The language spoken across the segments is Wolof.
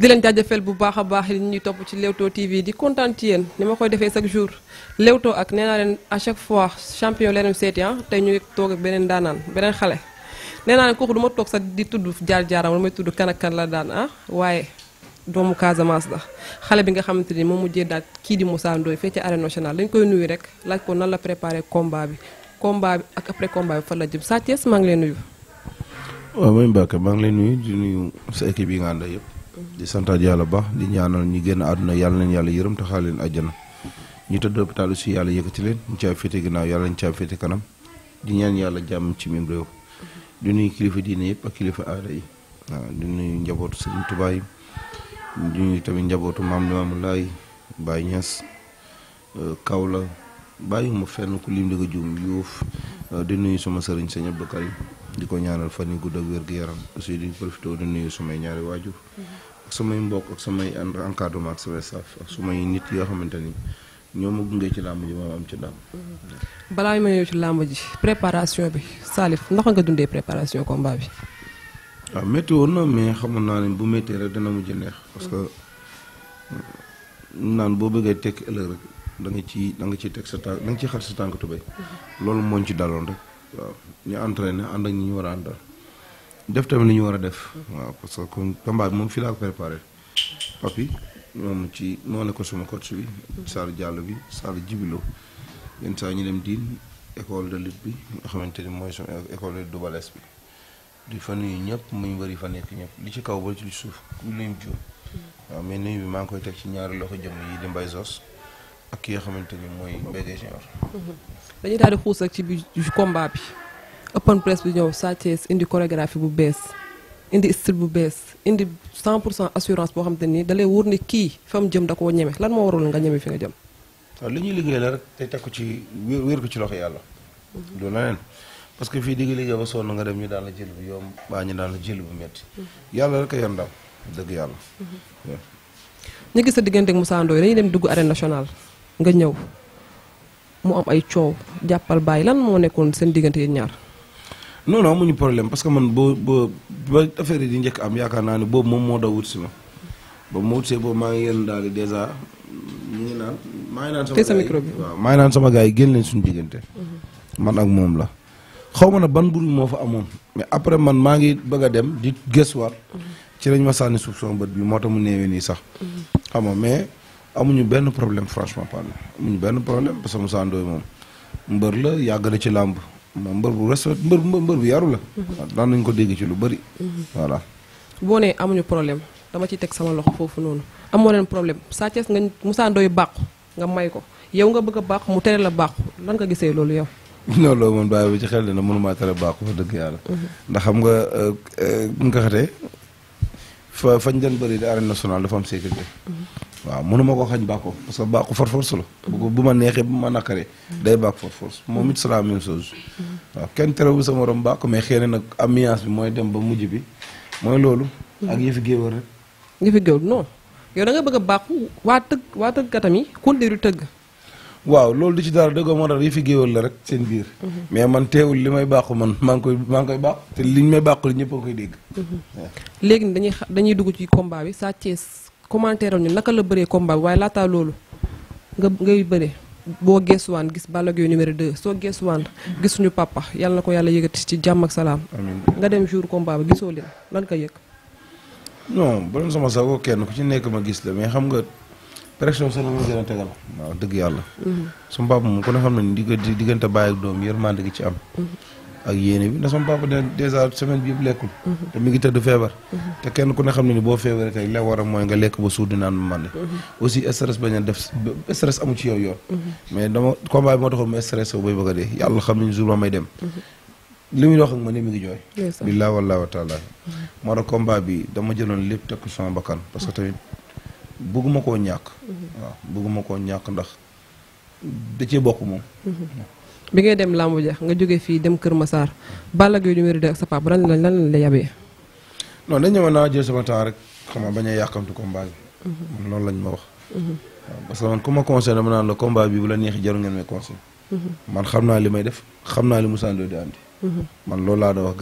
di leen jaajëfal bu baax a baax li ñu topp ci Leewtoo TV di kontaan ci yéen ni ma koy defee chaque jour Leewtoo ak nee naa leen à chaque fois champion leneen seeti am ah, te ñu toog ak beneen daanaan beneen xale nee leen kooku du toog sax di tudd jaar-jaaram lu may tudd kan ak la daan ah waaye doomu Casamance la xale bi nga xamante ni moom mujjee daal kii di Moussa Ndoye fee ci arène nationale dañ koy nuyu rek laaj ko nan la préparé komba bi combat bi ak après combat bi fan la jëm Sa Thiès ngi lay nuyu. waaw mooy Mbacke maa ngi lay nuyu di nuyu sa équipe yi di santaat yàlla baax di ñaanal ñi génn àdduna yàlla leen yàlla yërëm te xaar leen àjjana ñu tëdd hôpital si yàlla yëkkati leen ñu caa féete ginnaaw yàlla ñu caa féete kanam di ñaan yàlla jàmm ci mim réew di nuyu kilifa diine yëpp ak kilifa aada yi waaw di nuyu njabootu Sëriñ Tuubaa yi di nuyu tamit njabootu maam Limaamu Laay Baay Ñas euh, kaw la bàyyi ma fenn ku lim di ko juum yuuf euh, di nuyu suma sëriñ Sëñ Abdou Karim di ko ñaanal fan yu gudd ak ñaari waajur su may mbokk ak samay encadrement ak samay staff ak nit yoo xamante ni ñoo ma gunge ci làmb ji ma am ci ndam. balaa ma ñëw ci làmb ji préparation bi Salif ndax nga dundee préparation komba bi. waaw ah, métti woon na mais xamoon naa ne bu méttee rek dana mujj neex parce que mm, naan boo bëggee tekki ëllëg rek da nga ci da nga ciy teg sa tànk da nga ciy xar sa tànk tubéy. Mm-hmm. loolu mooñ ci daloon rek. waaw ñu entraîné ànd ak ñu war a àndal. def tamit li ñu war a def. waaw parce que bi moom fii laa ko préparé. papi moom ci moo ne ko suma coach bi. Sall Diallo bi Sall Jibilo. yenn saa ñu dem diin école de lutte bi nga xamante ni mooy suma école de dubales di fa nuyu ñëpp muy bëri fa nekk ñëpp li ci kaw ba ci suuf ku lim mais nuyu bi maa ngi koy teg ci ñaari loxo jëm yi di mbay soos ak ki nga xamante ni mooy BG Junior. Mhm. dañuy daal di xuus ak ci bi bi. open press bi ñëw Sa Thiès indi chorégraphie bu bees indi style bu bees indi cent pour cent assurance boo xam te nii dalay wóor ni kii fa jëm da koo ñeme lan moo warul nga ñeme fi nga jëm. waaw li ñuy liggéey la rek te teg ko ci wér wér ko ci loxo yàlla. loolu mhm. la parce que fii digg liggéey ba sonn nga dem ñu daan la jël bu yomb baa ñu daan la jël bu metti mhm. yàlla rek a yan daal dëgg yàlla. Mhm. ñu gis sa diggante ak Moussa Ndoye dem dugg arène nationale nga ñëw mu am ay coow jàppal bàyyi lan moo nekkoon seen diggante yéen ñaar. non non amuñu problème parce que man ba ba ba affaire di njëkk am yaakaar naa ne boobu moom moo daw wut si ma boobu ma wut boobu maa ngi yéen daal dèjà ñu ngi naan. maa ngi naan sama micro maa ngi naan sama gars yi génn leen suñu diggante. Mhm. man ak moom la. xaw ma na ban bruit moo fa amoon mais après man maa ngi bëgg dem di gëstuwaat. Mhm. ci lañ ma sànni suuf sama bët bi moo tax mu néewee nii sax. Mhm. xam ma mais amuñu benn problème franchement parlant amuñu benn problème parce que Moussa Ndoye mbër la yàgg na ci làmb. moom mbër bu respect mbër mbër bu yaru la. Mhm. daan nañ ko dégg ci lu bëri. Mhm. voilà. boo nee amuñu problème dama ci teg sama loxo foofu noonu amoo leen problème Sa Thiès nga Moussa dooy bàqu nga may ko yow nga bëgg a bàqu mu tere la bàqu lan nga gisee loolu yow. non loo man bàyyi bi ci xel dina mënumaa tere bàqu fa dëgg yàlla. Mhm. ndax xam nga bu ñu ko xatee fa fañ doon bëri di arène nationale dafa am sécurité. waaw mënu ma ko xañ bàkko parce que bàkko for force la bu bu ma neexee bu ma nakkaree day bàkk for force moom it c'est la même waaw kenn terewul sa morom bàkko ma xëy na nag ambiance bi mooy dem ba mujj bi mooy loolu ak yëfi géewal rek yëfi géewal non yow da nga a bàkku waa tëgg waa tëggkatam yi konde du tëgg waaw loolu du ci dara dëggoo moo tax yëfi géewal la rek seen biir mhm. mais man teewul li may bàkku man maa ngi koy maa ngi koy bàkku te liñ may bàkku li ñëpp a koy dégg mhm. léegi dañuy dañuy dugg ci combat bi Sa Thiès commentaire ñu naka la bëree combat bi waaye taal loolu nga ngay bëre boo geesuwaan gis Balla Gaye numéro 2 soo geesuwaan gis suñu papa yàlla na ko yàlla yëgati ci jàmm ak salaam. amiin nga dem jour combat bi gisoo leen lan ko yëg. no borom sama sago kenn ku ci nekk ma gis la mais xam nga. pression sa la ma gën a tegal waaw dëgg yàlla. Mhm. su mbaa moom ku ne xam ne diggante diggante bàyyi ak doom yërmande gi ci am. Mhm. ak yéene bi ndax sama papa de dèjà semaine bi yëpp lekkul mhm. te mi ngi tëdd feebar mhm. te kenn ku ne xam ne ni boo feebaree tey la war a mooy nga lekk ba suur di naan ma mande mhm. aussi stress bañ a def stress amu ci yow yoon mais dama combat bi moo taxoon ma a dee yàlla xam nañ jour ma may li muy wax ak ma ne mi ngi jooy billaa wallaahi wa taala moo tax combat bi dama jëloon lépp tekk sama bakkan parce que tamit bëgguma koo ñàkk waaw bëgguma koo ñàkk ndax da cee bokk moom bi ngay dem làmbu ja nga jóge fii dem Kër Massar Balla Gaye numéro 2 sa papa lan lan lan la yabee. non dañ ñëwoon naa jël sama temps rek xam nga bañ a yàqamtu combat bi. man mhm. loolu ma wax. Mhm. parce que man ku ma conseillé dama naan la combat bi bu la neexee jarul ngeen may conseil mhm. man xam naa li may def xam naa li Moussa Ndoye di andi. man loolu laa doon wax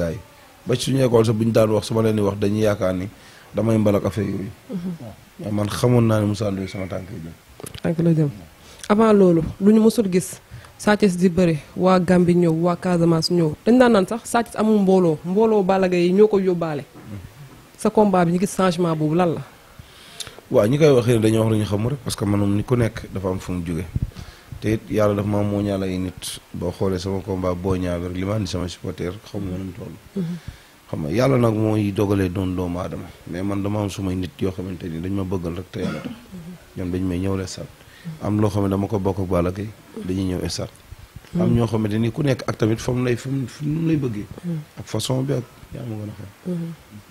ba ci bu ñu daan wax su ma leen di wax dañuy yaakaar ni damay mbalak affaire yooyu. man xamoon naa ne Moussa loolu lu ñu mësul gis. Sa Thiès di bëre waa Gambie ñëw waa Casamance ñëw dañ daan naan sax Sa Thiès amul mbooloo mbooloo Balla yi ñoo ko yóbbaale. sa combat bi ñu gis changement boobu lan la. waaw ñi koy waxee dañuy wax lu ñu xamul rek parce que man ni ku nekk dafa am fu mu jóge te it yàlla dafa ma moo ñaala ay nit boo xoolee sama combat boo ñaaw rek li ma andi sama supporter xaw ma nu toll. xam nga yàlla nag mooy dogalee doon doomu aadama mais man dama am sumay nit yoo xamante ni dañ ma bëggal rek te yàlla tax. ñoom dañ may ñëw leen sant. am loo xam ne dama ko bokk ak Balla Gaye dañuy ñëw estat am ñoo xamante ni ku nekk ak tamit fa mu lay fa mu lay bëggee mm. ak façon bi ak yaa ma gën a xam mm-hmm.